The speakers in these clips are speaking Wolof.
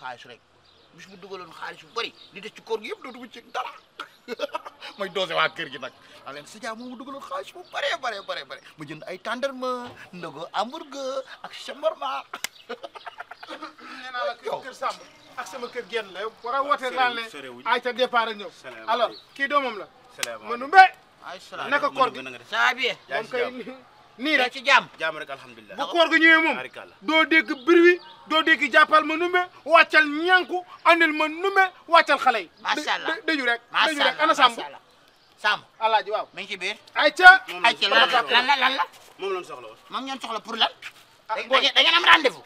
xaalis rek bis bu dugaloon xaalis bu bëri li des ci koor gi yëpp dootu mu ci dara mooy doose waa kër gi nag a leen Sadia moom mu dugaloon xaalis bu bëree bëree bëree bëri mu jënd ay tàndarma ndogu hamburger ak shawarma nee naa la kër Samb ak sama kër genn la yow war a woote ay ca départ ak kii doomam la manu mbe naka koor gi saa bi moom kay nii rek ci jàmm jàmm rek alhamdulilah bu koor gi ñëwee moom doo dégg bir doo dégg jàppal ma numbe wàccal ñànku andil ma numbe wàccal xale yi macha allah dëju rek dëju rek ana sàmm sàmm alaaji waaw mi ngi ci biir ay ca ay ca lan la lan la moom lañ soxla woon moom ngeen soxla pour lan ah, da ngeen am rendez-vous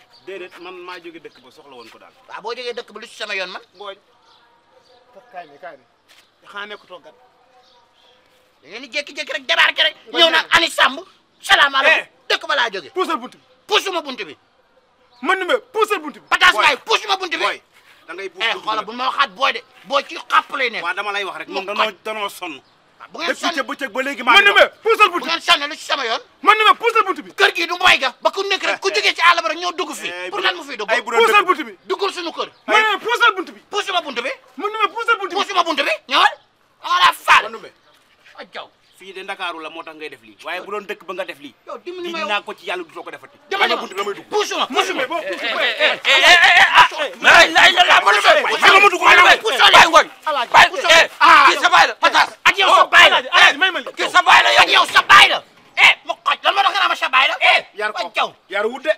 man maa jóge dëkk ba soxla woon ko daal waaw boo jógee dëkk ba lu ci yoon man ngooñ kaay mi kaay mi xanaa nekk toogat da ngeen di jékki rek jabaar ke rek ñëw nag ani sàmm salaamaaleykum eh. dëkk ba laa jógee. puusal buntu na ma puusal buntu bi. pataas waay puusuma buntu bi. booy da ngay puus eh, buntu de boo ci xàppalee ne. waaw wax rek moom danoo danoo sonn. Ah, bu ngeen sonn lu ci sama yoon. mën na ma puusal buntu bi. kër gii du mbay ga ba ku ku eh, jógee ci àll ba ñoo dugg fii pour lan mu fiy dugg. puusal buntu bi duggul suñu kër. bi. fii de ndakaaru la moo tax ngay def lii waaye bu doon dëkk ba nga def lii di naa ko ci yàlla du soo ko defati dama ne buntu damay dugg puusuma puusuma la la la la ma dugg bàyyi ngoñ eh, ah, kii sa baay la patas ak yow sa baay la kii sa baay la ak yow sa baay la eh ma eh, xoj lan ma dox nga ma sa baay la eh yar ko jaw yar wut de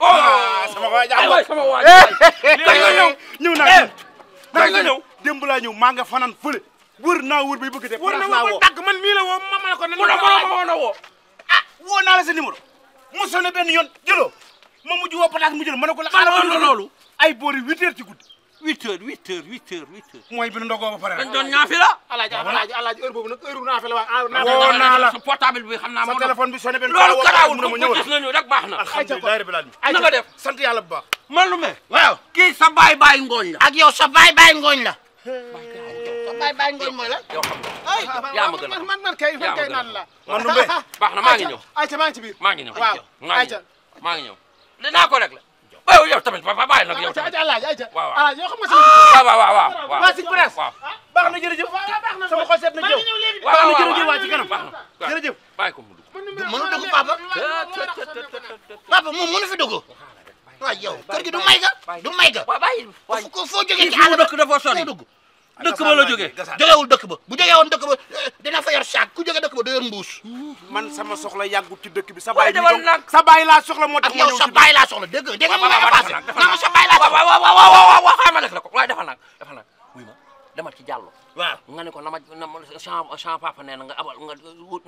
oh. ah, sama waay jàmm sama waay eh, ñëw naa ñëw démb laa ñëw maa nga fanaan fële wër naa wër bay bëgg a def. wër na wër ba dàgg man mii la woo ma ma la ko nan. mu ne ma ma woo na woo. ah woo naa la sa numéro. mu sonné benn yoon jëloo ma mujj woo pataas mu jël ma ne ko la. xaaral ma loolu ay boori huit heures ci guddi. huit heures huit heures huit heures huit heures. mooy bi ndogoo ba pare rek. dañ doon ñaafi la. alaaji alaaji alaaji heure boobu nag heure ñaafi ah, la waaye. woo naa la portable bi xam naa moo. sa téléphone bi sonné benn loolu garaawul ko ko gis nañu rek baax na. alhamdulilah rabbil alamin na nga def sant yàlla bu baax. man lu me. waaw kii sa baay baay ngooñ la. ak yow sa baay baay ngooñ la. Baye Baye Ngoy mooy la. yow xam nga yaa ma gën a man man kay man kay naan la. man nu mbéy baax na maa ngi ñëw. ayca maa ngi ci biir maa ngi ñëw. waaw ayca maa ngi ñëw dinaa ko rek la. waaw yow tamit ba bàyyi nag yow tamit alaaj alaaj waaw waaw yoo xam nga sama waaw waaw waaw waaw waa Zik Presse ah? baax na jërëjëf sama xol seet na jëw baax na jërëjëf waa ci kanam baax na jërëjëf bàyyi ko mu dugg mënu dugg papa papa moom mënu fi dugg waaw yow kër gi du may ga du may ga foo jógee ci àll ba dafa sori dugg dëkk ba la jógee jógewul dëkk ba bu jógee woon dëkk ba dina fa yor saak ku jóge dëkk ba da yor mbuus man sama soxla yàggut ci dëkk sa baay moo tax ma ñëw sa baay laa soxla sa baay laa soxla waaw waaw waaw waaw xaaral ma nekk la ko waaye dafa da dafa ci jàllo waaw nga ne ko na ma sama papa nee na nga abal nga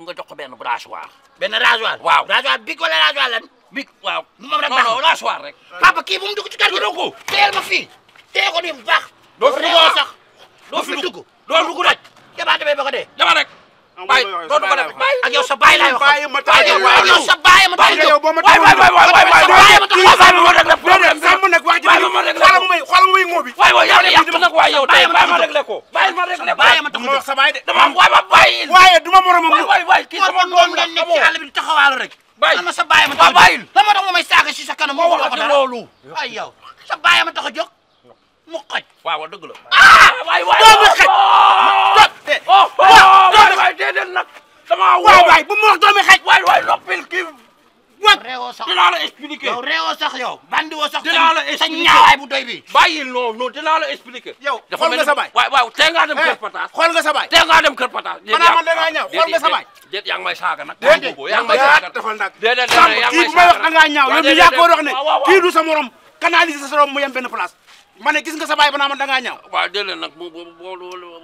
nga jox ko benn rasoir benn rasoir waaw rasoir big wala rasoir lan big waaw moom rek non rasoir rek papa kii bu mu dugg ci kër gi teel ma fii tee ko ni bu baax doo doo fi dugg doo dugg rek jamaa demee ba ko dee jamaa rek bay doo dugg rek ak yow sa baay laay wax baay ma tax yow sa baay ma tax yow boo ma tax waay waay waay waay waay ma tax waay ma rek la problème sam nag wax ci xoolal may xoolal may ngoobi waay waay yow yàq nag waay yow ma rek la ko baay ma rek la ma tax wax sa baay de dama waay waay baay waaye duma moromam waay waay la nekk ci àll bi sa baay ma tax baay la ma tax may saaga ci loolu sa baay ma tax jóg mu xoj. waaw dëgg la. Ah! waay waay doomu xaj. waaw waay eh. oh, oh, waay déedéet nag. damaa woo waay waay bu mu wax doomu xaj. waay waay noppil kii. wa réewoo sax dinaa la expliquer. yow réewoo sax yow. bandi woo sax dinaa la expliquer sa ñaawaay bu doy bi. bàyyi non non dinaa la expliquer. yow xool nga sa baay waaw waaw tey ngaa dem eh, kër Pataas. xool nga sa baay tey ngaa dem kër Pataas. maanaam man dangaa ñaaw xool nga sa baay. déet yaa ngi may saaga nag. déedéet yaa ngi may saaga defal nag. déedéet déedéet yaa ngi may saaga kii bu may wax dangaa ñaaw yow mii yaa ko wax ne kii du sa morom canaliser sa morom mu yem benn place man ne gis nga sa baay ba naa ma da ngaa ñaaw. waaw déedéet nag bu bu bu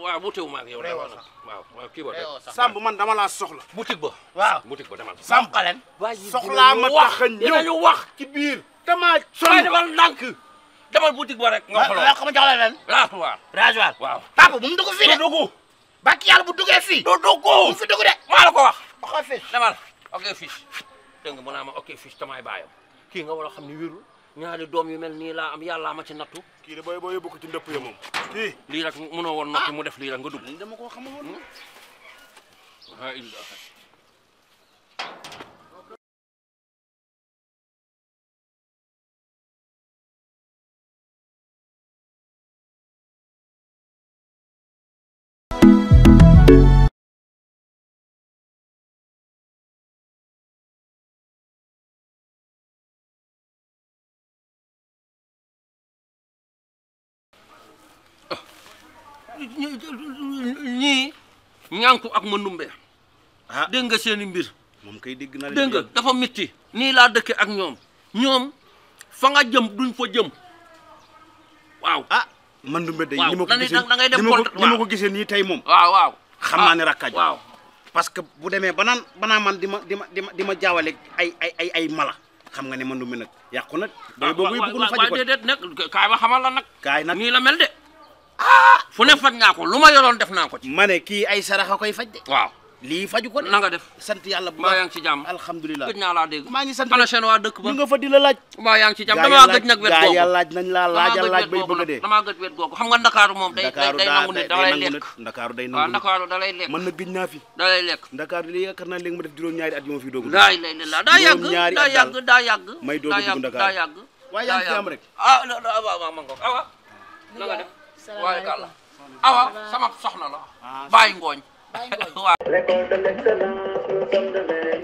waaw wuute sam ma ak yow. réewoo sax waaw waaw kii ba de. Samb man dama laa soxla. boutique ba. waaw boutique ba dama la. Samb ma tax a ñëw dinañu wax ci biir. damaa sonn ba rek. nga xooloo waaw xam nga jox la leen. rasoir waaw papa bu mu de. du dugg. ba ki yàlla bu duggee fii. du dugg bu fi dugg de. maa la ko wax. waxal fii demal ok fiche. dégg nga mu naa ma ok fiche kii nga war a ni wérul ñaari doom yu mel nii laa am yàllaa ma ci nattu. kii de booy boo yóbbu ko ndëpp ya moom. kii lii rek mënoo woon noppi mu def lii rek nga dugg. dama koo xamul woon. ñii ñànku ak mëndumbe ah dégg nga seen mbir moom kay dégg na dégg nga dafa mitti nii laa dëkke ak ñoom ñoom fa nga jëm duñ fa jëm waaw ah mëndumbe day ni ma ko gisee da ngay dem contre ni ko gisee nii tey moom waaw waaw xam naa ah, ne rakkaaj waaw parce que bu demee banaan banaa man di ma dima ma di ma di ay ay ay ay mala xam nga ne mëndumbe nag yàqu na doy ah, boobu bëggul faji ko déedéet nag kaay ma xamal la nag kaay nag nii la mel de ah fu ne faj naa ko lu ma yoroon def naa ko ci. ma ne kii ay ko koy faj de. waaw lii faju ko de. na nga def sant yàlla bu baax yaa ngi ci jàmm. alhamdulilah gëj naa laa dégg. maa ngi sant ana seen waa dëkk ba. la laaj. waaw yaa gëj nag. wet googu gaa laaj laaj bay bëgg xam nga Ndakaaru moom. day day nangu nit da lay lekk Ndakaaru day nangu nit. Ndakaaru da lay lekk. mën na gëj naa fi. da lay lekk. Ndakaaru lii yaakaar naa léegi ma def juróom-ñaari at yoo fi doog. daa yàgg daa yàgg daa yàgg. a Ndakaaru waaye yaa ngi waaye gàlla awa sama soxna la ah, bàyyi ngooñ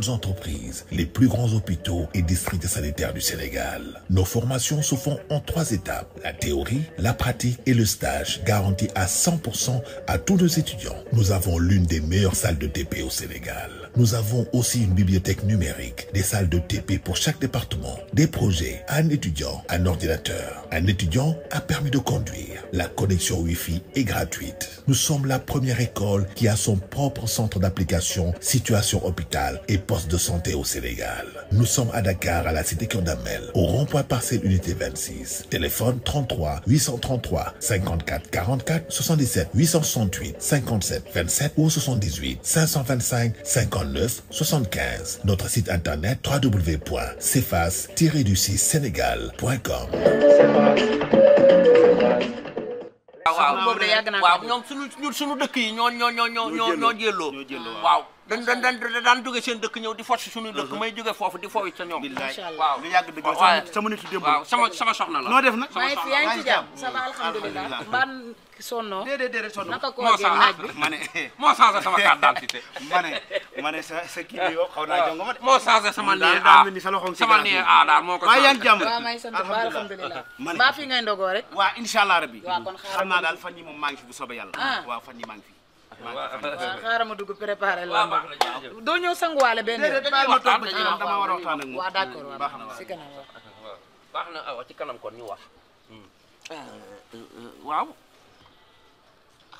grandes entreprises, les plus grands hôpitaux et districts sanitaires du Sénégal. Nos formations se font en trois étapes, la théorie, la pratique et le stage, garantis à à tous nos étudiants. Nous avons l'une des meilleures salles de TP au Sénégal. Nous avons aussi pour chaque département, des projets, La connexion Wi-Fi est gratuite. Nous sommes la première école qui a son situation hôpital et poste de santé au Sénégal. Nous sommes à Dakar, à la cité Kondamel, au rond-point parcelle unité 26. Téléphone 33 833 54 44 77 868 57 209 75 notre site internet www.cefas-du6sénégal.com waaw waaw ñoom suñu ñun suñu dëkk yi ñoo ñoo ñoo ñoo ñoo ñoo jëlloo waaw dañ dañ dañ daan jóge seen dëkk ñëw di force suñu dëkk mhm. may jóge foofu di foofu sa ñoom waaw lu yàgg dëgg sama nitu démb waaw sama sama soxna la noo def nag maa ngi sonnoo déedéet déedéet sonnoo naka koo gën ah, naaj bi ma ne moo changé sama carte d'identité ma ne ma ne sa sa kii bi yow xaw naa ah. jongo ma de moo changé sama nee a ni sa loxo sama nee a daal moo ko waaw yaa ngi jàmm waaw may sant ba alhamdulilah ma ne mbaa fii ngay ndogoo rek waaw incha allah rabbi waaw kon xaaral xam naa daal fan yi moom maa ngi fi bu soobee yàlla ah. waaw fan yi maa ngi fi waaw xaaral ma dugg préparé la doo ñëw sanguwaale benn yoon dama war a waxtaan ak moom waaw d'accord waaw si kanam waaw baax na awa ci kanam kon ñu wax hmm. euh, euh, waaw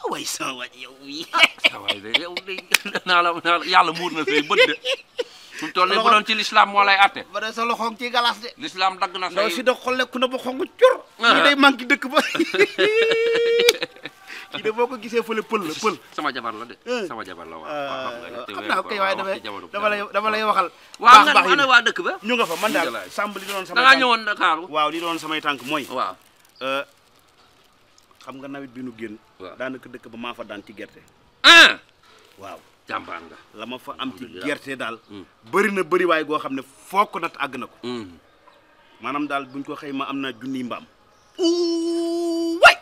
way sama waaj yow mii. ah waay yàlla muur na say bët de. su mu toll nii ci lislaam moo lay atte. ba de sa loxoom ci galas de. lislaam dagg na say. ndaw si ku na ba xongu cur. Ah. ñu day manqué dëkk ba. kii de boo ko gisee fële pël la pël. jabar la de. Eh. sama jabar la ah. waaw xam nga ah, xam naa kay waaye damay waa dëkk ba. ñu nga fa man daal sàmb li doon samay tànk. da ngaa ñëwoon samay tànk mooy. xam nga nawet bi nu génn. waaw daanaka dëkk ba maa fa daan ci gerte. Ah! waaw jàmbaar nga. la ma fa am ci gerte daal. Mm. bëri na bëri waaye goo xam ne foo nat àgg na ko. Mm. maanaam daal buñ ko xëy ma am na junniy mbaam. way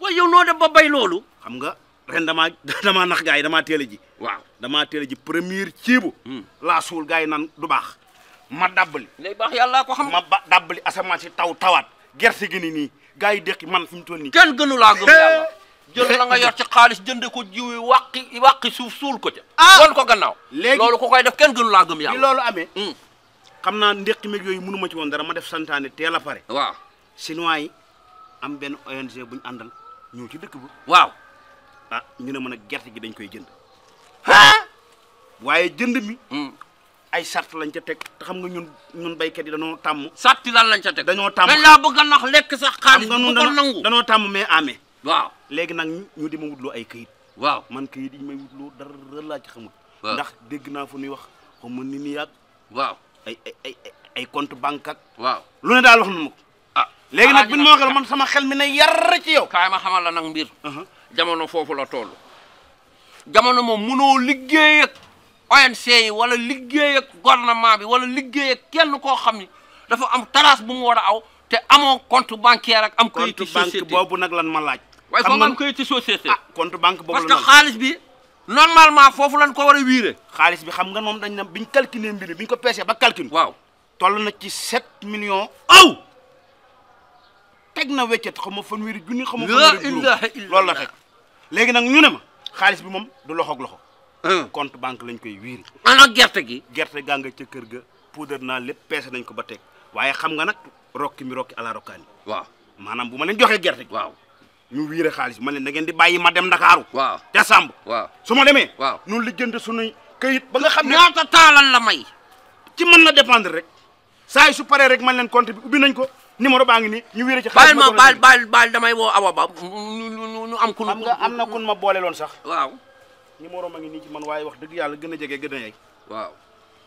way yow noo def ba bay loolu. xam nga ren damaa nax gars yi damaa teel a ji. waaw damaa teel a ji première ceebu. Mm. laa suul gars yi naan du baax. ma dabbali. lay baax yàlla ko xam. ma ba dabbali asamaan si taw tawaat gerte gi ni nii. gaa yi deqi man fi mu toll ni kenn gënu laa gëm yàlla jël la nga yor ci xaalis jënd ko jiw wàqi wàqi suuf suul ko ca. ah ko gannaaw. léegi loolu ko koy def kenn gënu laa gëm yàlla. bi loolu amee. Hmm. xam naa ndekki meeg yooyu mënu ma ci woon dara ma def santaane teel a pare. waaw chinois yi am benn ONG bu ñu àndal ñëw ci dëkk ba. waaw ah ñu ne ma nag gerte gi dañ koy jënd. waaye jënd mi. Hmm. ay sart lañ ca teg te xam nga ñun ñun béykat yi dañoo tàmm. sart lan lañ ca teg dañoo tàmm laa bëgg a nax lekk sax xaalis bu ko nangu dañoo tàmm mais amee. waaw léegi nag ñu di ma wutloo ay këyit. waaw man këyit yi may wutloo dara laa ci xamul. ndax dégg naa fu ñuy wax xaw ma ni nii yàgg. waaw ay ay ay compte banque ak. waaw lu ne daal wax na ma ko. Ah. léegi nag bi ma waxee man sama xel mi ne yar ci yow. kaay ma xamal la nag mbir. Uh-huh. jamono foofu la toll. jamono moom munoo liggéey ak ONC yi wala liggéey ak gouvernement bi wala liggéey ak kenn koo xam ni dafa am trace bu mu war a aw te amoo compte bancaire ak am kayitu société compte boobu nag lan ma laaj. waaye foo am kayitu société. ah banque boobu la parce que xaalis bi normalement foofu lañ ko war a wiire. xaalis bi xam nga moom dañ ne bi ñu calculé mbir bi ñu ko peesee ba calcul. waaw toll na ci set million aw teg na weccet xam ma fanweeri junni. xam ma fanweeri juróom loolu la fekk léegi nag ñu ne ma xaalis bi moom du loxoog loxo. compte banque lañ koy wiiri. ana gerte gi. gerte gaa nga ca kër ga puudar naa lépp peese nañ ko ba teg waaye xam nga nag rokki mi rokki ala rokkaani. waaw maanaam bu ma leen joxe gerte gi. waaw ñu wiire xaalis ma leen da ngeen di bàyyi ma dem Ndakaaru. waaw te Samb. waaw su ma demee. waaw ñun lijjanti suñuy kayit ba nga xam ne. ñaata taalan la may. ci mën na dépendre rek saa su paree rek man leen compte bi ubbi nañ ko. numéro baa ngi ni ñu wéeree ci xaalis ma baal baal baal damay woo awa ba am. kun am nga am na kun ma boole loon sax waaw. numéro ma ngi nii ci man waaye wax dëgg yàlla gën a jege gën a yeg waaw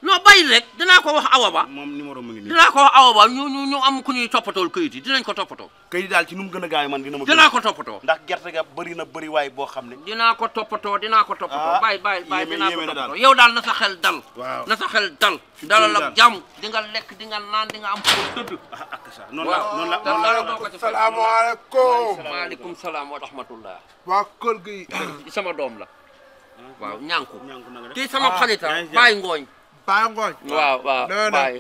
non bàyyi rek dinaa ko wax awa ba moom numéro ma ngi nii dinaa ko wax awa ba ñu ñu am ku ñuy toppatool këyit yi dinañ ko toppatoo këyit daal ci nu mu gën a gaaw man dina ma dinaa ko toppatoo ndax gerte ga bëri na bëri waaye bo xam ne dinaa ko toppatoo dinaa ko toppatoo ah, bàyyi bàyyi bàyyi dinaa ko toppatoo yow daal na sa xel dal waaw na sa xel dal dalal ak jàmm di lekk di nga naan di nga am foo tëdd ah, sa noonu la noonu la ko ci salaamaaleykum waaleykum salaam wa rahmatullah waa kër gi sama doom la waaw ñànku kii sama ah, xarit ah Ngooñ. Baye Ngooñ. waaw waaw Baye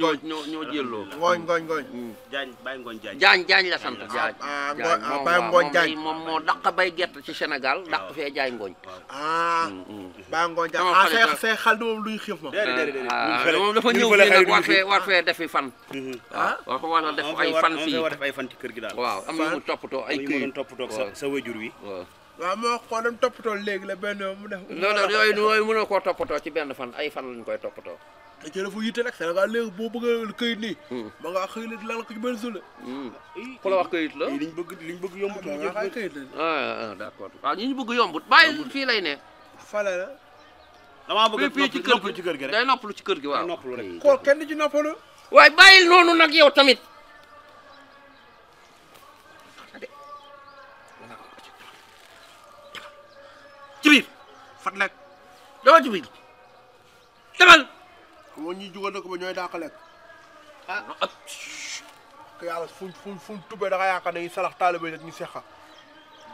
ñoo ñoo ñoo jëlloo. Ngooñ Ngooñ mm. Ngooñ. Jaañ Jaañ. Jaañ Jaañ sant Jaañ. Baye moom moo dàq bay gerte ci senegal dàq fee jaay ngooñ. ah mm, mm. Baye Ngooñ Jaañ ah say moom duñ xiif ah, moom. dafa ñëw fii nag war fee war defi fan. ah war ko war a def ay fan fii. waaw am na toppatoo ay kii waaw sa wi. waaw moo xooloon toppatoo léegi la benn mu def. non non yooyu yooyu mënoo koo toppatoo ci benn fan ay fan lañ koy toppatoo. da cee dafa yitte boo bëggee këyit nii. Hmm. ma ngaa xëy lan la ko ci benn hmm. Hmm. la wax këyit la liñ bëgg liñ bëgg yombut. waaw ah, waaw këyit la ah, ah, ah d'accord ñu bëgg yombut bàyyi fii lay ne. fale la. damaa bëgg fii ci kër gi day noppalu ci kër gi waaw. day noppalu rek koo kenn ci noppalu. waaye bàyyil noonu nag yow tamit. fat lekk dama ci biir demal. moo ñuy jugal dëkk ba ñooy lekk. ah non ak. yàlla fuñ fuñ fuñ tubbee da nga yaakaar ne salax taalibe rek ñu seqa.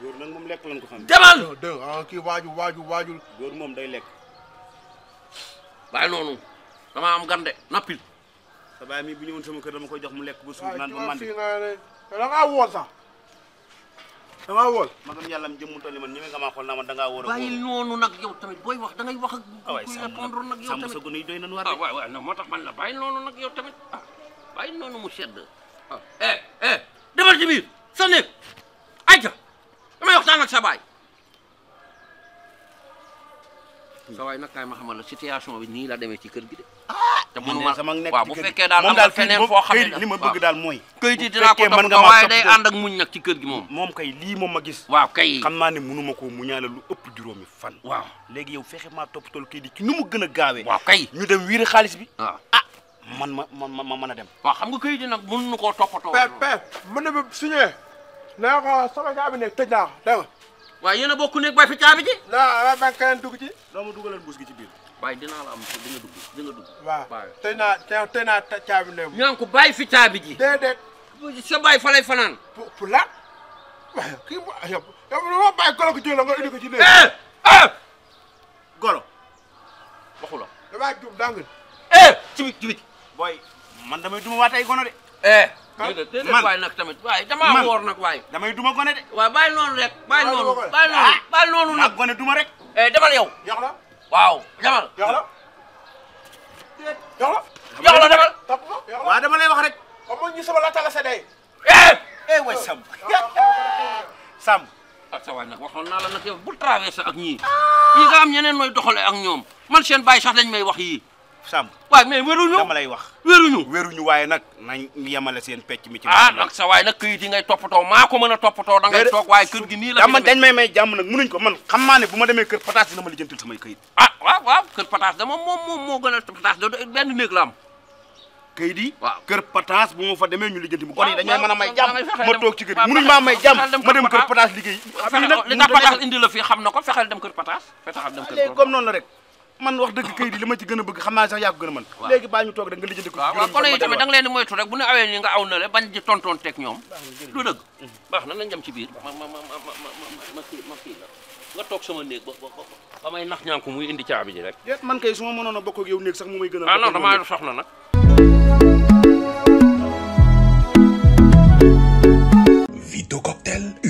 góor nag moom lekk lañ ko xam. demal dégg ah kii waaju waaju waaju. góor moom day lekk. bàyyi noonu damaa am gande nappil. sa baay mi bu ñëwoon sama kër dama ko jox mu lekk ba suur naan ba màndi. damaa wóor. magam yàlla am jëmmu toll man ñeme nga maa xool naa a wóor. bàyyil noonu nag yow tamit booy wax dangay wax ak. ah waay sàmm nag sàmm sa gune yi doy nañu war a. ah waay waay non moo tax man nag yow tamit ah noonu mu sedd. ah eh, eh sa néeg ayca damay waxtaan ak sa baay. sa waay nag kaay ma xamal la situation nii la demee ci kër gi de. Ah! te mënu ma waaw bu fekkee daal am na feneen foo xam ne li ma bëgg daal mooy kayit yi dinaa ko toppatoo waaye day ànd ak muñ nag ci kër gi moom moom kay lii moom ma gis waaw kay xam naa ne mënuma koo muñaale lu ëpp juróomi fan waaw léegi yow fexe maa topp toppatoo kayit yi ci nu mu gën a gaawe waaw kay ñu dem wiiri xaalis bi a ah, man ma ma ma mën a dem waaw xam nga kayit yi nag mënuñu koo toppatoo pe pe mën na ba suñee naa a sama caabi nekk tëj naa ko dégg nga waaw yéen a bokk nekk bay fi caabi ji ci doo ma dugalal mbuus gi ci biir bàyyi dinaa la am di nga naa tey caabi léegi. ñu naan ko bàyyi fi caabi ji. déedéet. sa bàyyi fa lay fanaan. pour pour la waaye kii mu yow golo ko jëloon nga indi ko ci néeg. Eh, eh! golo waxu la. damaa jub dàngal. Eh, ci ci biir booy man damay duma waat ay gono de. man déedéet waay nag tamit waaye damaa woor nag waaye. damay duma gone de. waaw bàyyi noonu rek. bàyyi noonu bàyyi noonu ah! bàyyi nag. gone duma rek. demal yow. yox la. waaw demal. jox la jox la. jox la demal. waaw dama lay wax rek. xam ñu sama la tala sa day. eh, eh way Samb. Samb. ak ah, sa waay waxoon naa la nag yow bu traversé ak ñii. ñi nga am ñeneen nooy doxale ak ñoom man seen bàyyi sax dañ may wax yii. Samb waaw mais wéruñu dama lay wax wéruñu wéruñu waaye nag nañ yemale seen pecc mi ci ah nag sa waaye nag këyit yi ngay toppatoo maa ko mën a toppatoo da ngay toog waaye kër gi nii la dama dañ may may jàmm nag mënuñ ko man maa ne bu ma ma lijjantil samay ah, pataas dama moom moom moo gën a pataas da benn néeg la am këyit yi waaw pataas bu ma fa demee ñu dem kër pataas liggéey li tax pataas fexeel dem kër pataas fexeel dem kër comme man wax dëgg kayit yi li ma ci gën a bëgg xam naa sax yaa ko gën a mën léegi baa ñu toog rek nga lijjanti ko waaw kon yi tamit da nga leen di moytu rek bu ñu awee nii nga aw na biir ma ma ma ma kii la toog sama néeg ba ba may nax ñaan ko muy indi caabi ji rek déet man kay su ma mënoon a bokk ak yow néeg sax mu may gën a ah soxla nag Vito Cocktail